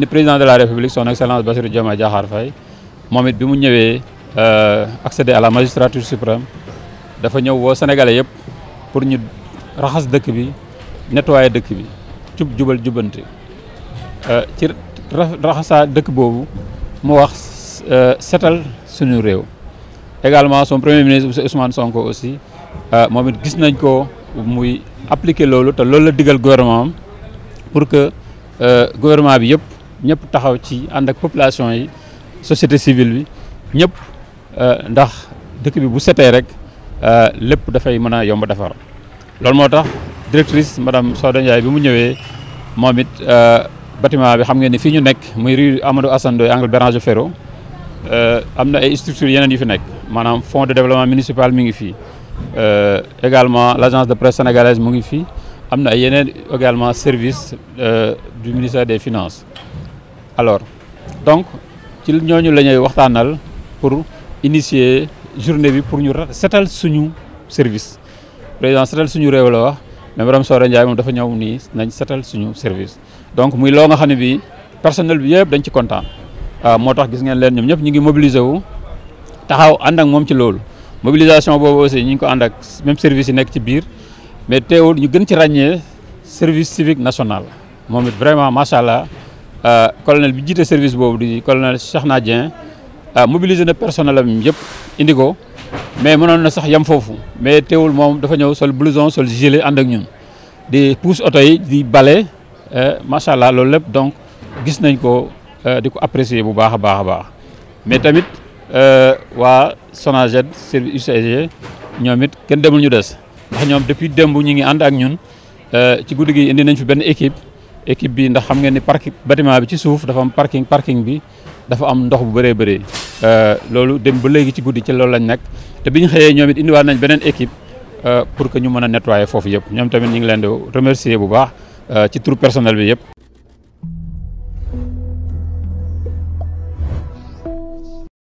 ni président de la république son excellence Bassirou Diomaye Diakhar Faye moom it bi mu ñëwee euh, accéder à la magistrature suprême dafa ñëw woo sénégalais yëpp pour ñu raxas dëkk bi nettoyer dëkk bi jubal jubante euh, ci raxasaa dëkk boobu mu wax euh, setal suñu réew également son premier ministre monsieur Ousmane Sonko aussi moom it gis nañ ko muy appliquer loolu te loolu la digal gouvernement am pour que gouvernement bi yëpp ñëpp taxaw ci ànd ak population yi société civile bi ñëpp euh, ndax dëkk bi bu setee rek euh, lépp dafay mën a yomb defar loolu moo tax directrice madame Soda Ndiaye bi mu ñëwee moom it euh, bâtiment bi xam ngeen ni fii ñu nekk muy rue Amadou Assane Ndoye angle Béranger am na ay structures yeneen yu fi nekk maanaam fonds de développement municipal mu ngi fii également l'agence de presse sénégalaise mu ngi fii am na ay yeneen également service du ministère des finances alors donc ci ñooñu la ñuy waxtaanal pour initier journée bi pour ñu setal suñu service président setal sunyu réew la wax mais madame Sora Ndiaye moom dafa ñëw nii nañ setal suñu service donc muy loo nga xam ne bi personnel bi yëpp dañ ci content waaw ah, moo tax gis ngeen leen ñoom ñëpp ñu ngi mobiliser wu taxaw ànd ak moom ci loolu mobilisation boobu aussi ñu ngi ko ànd ak même service yi nekk ci biir mais teewul ñu gën ci ràññee service civique national moom it vraiment macha allah Euh, colonel bi jiite service boobu di colonel Cheikhna Dieng euh, mobilisé na personnel am yëpp indi ko mais mënoon na sax yam foofu mais teewul moom dafa ñëw sol blouson sol gilet ànd ak ñun di pousse oto yi di bale euh, macha allah loolu lépp donc gis nañ ko di ko apprécier bu baax a baax a baax mais tamit waa SONAGED service UCG ñoom it kenn demul ñu des ndax ñoom depuis démb ñu ngi ànd ak ñun ci guddi gi indi nañ fi benn équipe. équipe bi ndax xam ngeen ni parking batiment bi ci suuf dafa am parking parking bi dafa am ndox bu bëree bëri euh, loolu dem ba léegi ci guddi ci loolu lañ nekk te bi ñu xëyee ñoom it indiwaat nañ beneen équipe euh, pour que ñu mën a nettoyer foofu yëpp ñoom tamit ñu ngi leen di remercier bu baax euh, ci turu personnel bi yëpp.